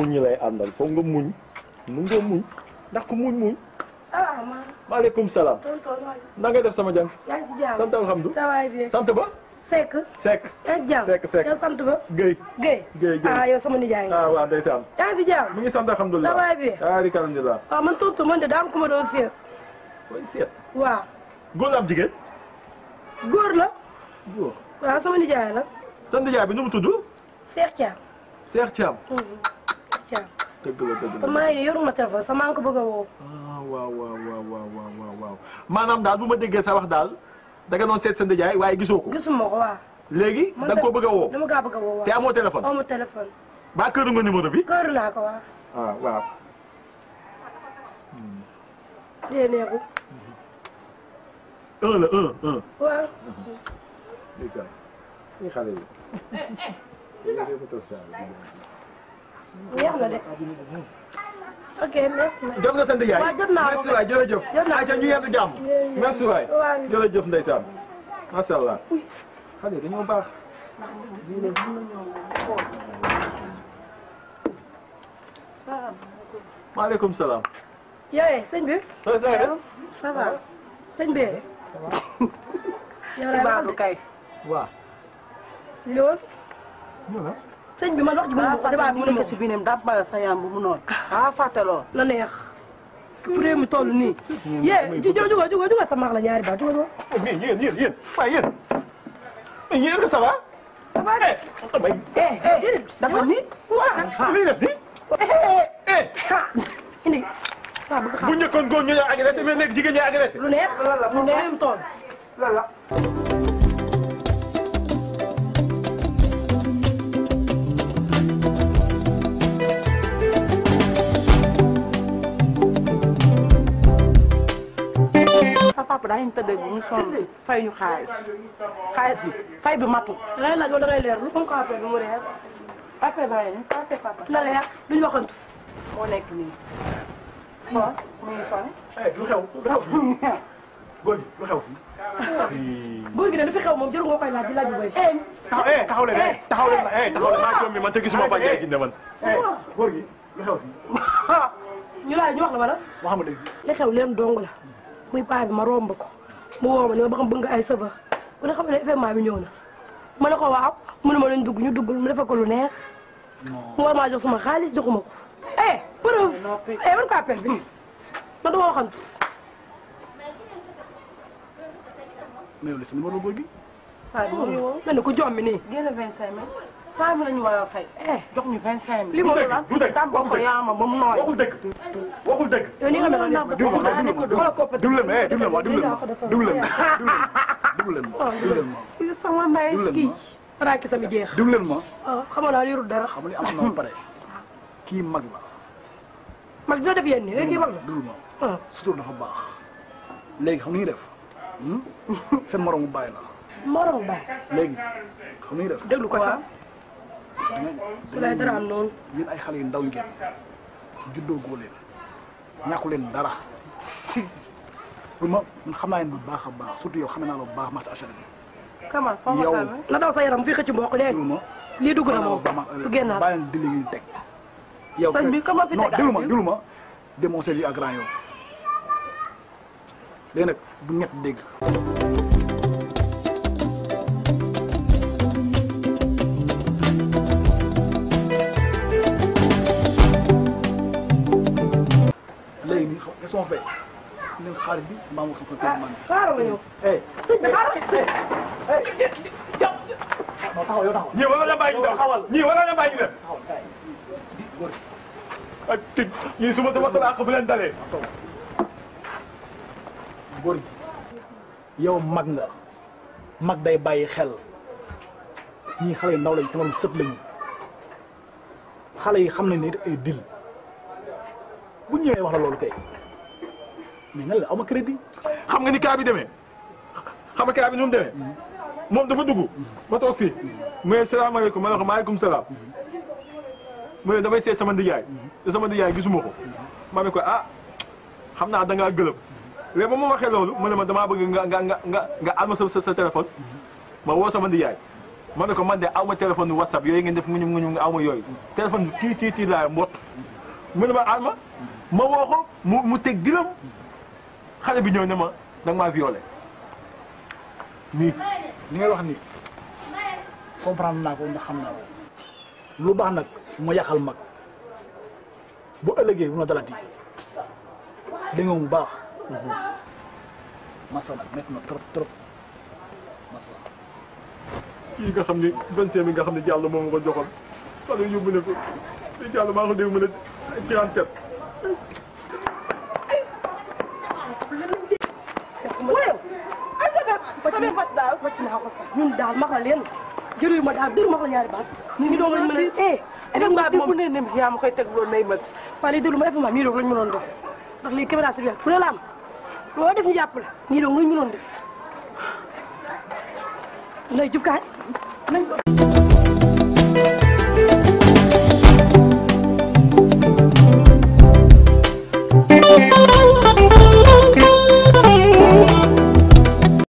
muñ lay àndal foog nga muñ mun nga muñ ndax ku muñ muñ. salaamaaleykum. maaleykum salaam. na nga def sama jàng. yaa ngi ci jàmm sant alhamdulilah. sant ba. Seck. Seck. yaa ngi ci jàmm Seck Seck. yow sant ba. Guèye. Guèye Guèye ah yow sama nijaay nga. ah waaw ndeysaan. alhamdulilah. sa bi. alhamdulilah. waaw man tontu de daa am ku ma doon seet. koy la am jigéen. góor la. góor sama nijaay la. sa nijaay bi nu mu tudd. Cheikh Thiam. Cheikh Thiam. Mm-hmm. Thiam. dëgg la dëgg la man yoruma téléphone sax maa ngi ko bëgg a woo. Ah, maanaam daal bu ma déggee sa daal danga doon seet sa ndijaay waaye gisoo ko. gisuma ko waaw. léegi da nga koo bëgg a woo. dama kaa bëgg a woo te amoo téléphone. amoo ba këru nga numéro bi. këru naa ko waaw. ah waaw. Hmm. dee neexu. la un un. waaw. ok merci. jot nga sant yaay. waaw jot naa merci waay jërëjëf. jot naa ayca ñu yendu jàmm. merci waay. waaw jërëjëf ndeysaan. macha allah. xale yi dañoo baax. maaleykum salaam. yooyu sëñ bi. sooy sooy rek. ça va sëñ bi. ça va. yow laa baalu kay. waaw. loolu. Saya bi man wax ji ko damaa mu ne ma bi nem dab bu mu noon ah fàtte la neex fu mi toll nii yee ji jóga jóga sa mag la ñaari ba oh, eh, eh eh dafa ni waa li def ni eh eh, eh, eh. indi bu njëkkoon góor papa daa ñu tëddee bu ñu sonn fay ñu xaalis xaalis bi fay bi matul. lay laaj wala dangay leer lu ko appel bi mu reer na leer duñu waxantu moo nekk nii. waaw hmm. mu eh, xew lu xew góor gi lu gi de lu fi xew moom jarul nga koy laaj bi laaj bu bëri. Eh, eh, taxaw leen de taxaw leen de taxaw leen maa jommi man te gisuma bañ a gis ne man. góor gi lu xew fii. ñu laaj ñu wax la wala. wax ma dëgg. li la. muy paa bi ma romb ko mu woo ma ni ma ba xam bëgg nga ay sëba ku ne xam ne événement bi ñëw na ma ne ko waaw mu ne ma luñ dugg ñu dugg mu defal ko lu neex mu war jox sama xaalis joxuma ko eh eh wan ko appel bi man dama waxantu mais yow li sa ku boobu gi ah, ni ku jombi nii génn cent mille la ñu war a fay. Eh, jox ñu vingt cinq mille. li ma la du dëgg du dëgg yaama ba mu nooy. waxul dëgg waxul dëgg. yow li nga mel noonu oh, dara xam nga pare kii ma la. mag dina def yenn eh, kii mag la dul ma oh. sutur dafa baax léegi xam ni ñu def hmm? seen moromu bàyyi la moromu bàyyi léegi xam ni ñu def déglu ko ku lay dara am noonu. yéen ay xale yu ndaw ngeen juddoo góor leen ñàkku leen dara bu ma xam naa leen bu baax a baax surtout yow xam naa la bu baax marché HLM. kamal foo na daw sa yaram fii xëcc mboq léegi. lii dugg na moom du euh, génnaat bàyyi leen dili ngeen teg. yow sëñ bi comment fi teg non ma déglu ma démoncer lii ak grand bu ñett dégg. sont faits même xaalis bi maa ngi wax ko man. Ah, xaaral ma ñëw. Eh, sëñ bi eh, xaaral ma ñëw. Eh, non taxaw yow taxaw. ñii waroon na bàyyi ñu dem xawal ñii waroon na bàyyi ñu dem. taxaw kay di góor. ak ah, tëj ñii su ma sama sama àq bu leen dalee. Ah, góor gi yow mag nga mag day bàyyi xel ñii xale yu ndaw lañ sama sëb lañu xale yi xam nañ ne ay dil bu ñëwee wax la loolu kay. mais nan la aw ma crédit. xam nga ni cas bi demee xam ma cas bi nu mu demee mm-hmm. moom dafa dugg mm-hmm. ma toog fii mu mm-hmm. ne ma ne ko maaleykum salaam mu ne damay seet sama ndijaay sama ndijaay gisuma ko ma ne ko ah xam naa da ngaa gëlëm léegi ma moo waxee loolu mu ne ma damaa bëgg nga nga nga nga alma sa sa téléphone ma woo sama ndijaay ma ne ko man de aw ma téléphone whatsapp yooyu ngeen def mu ñu mu ñu aw ma yooyu téléphone bi tii tii tii laay mbott mu ne ma alma ma woo ko mu mu teg gëlëm xalé bi ñëw ne ma danga ma violé ni ni ngay wax ni comprendre na ko ndax xam naa lu bax nak ma yàqal mak bu ëlëgé bu ma dalati dégg nga mu baax masa nag métti na trop trop masa yi nga xamni ne vingt-cinq nga xamni jallu mo moom ma ko joxoon xale yóbbu ne ko jallu ma ko dégg mu ne quarante naa ko daal max la leen jërëjëf ma daal dër max la ñaari baat. ñu doon doo a eh. même mbaa bi moom ne nem yaa ma koy teg loolu nay mat. waaye lii déglu ma effectivement nii doog lañ mënoon doo ndax lii caméra si biir fu ne la am loo def ñu jàpp la nii doog lañ mënoon def. nay jub kaay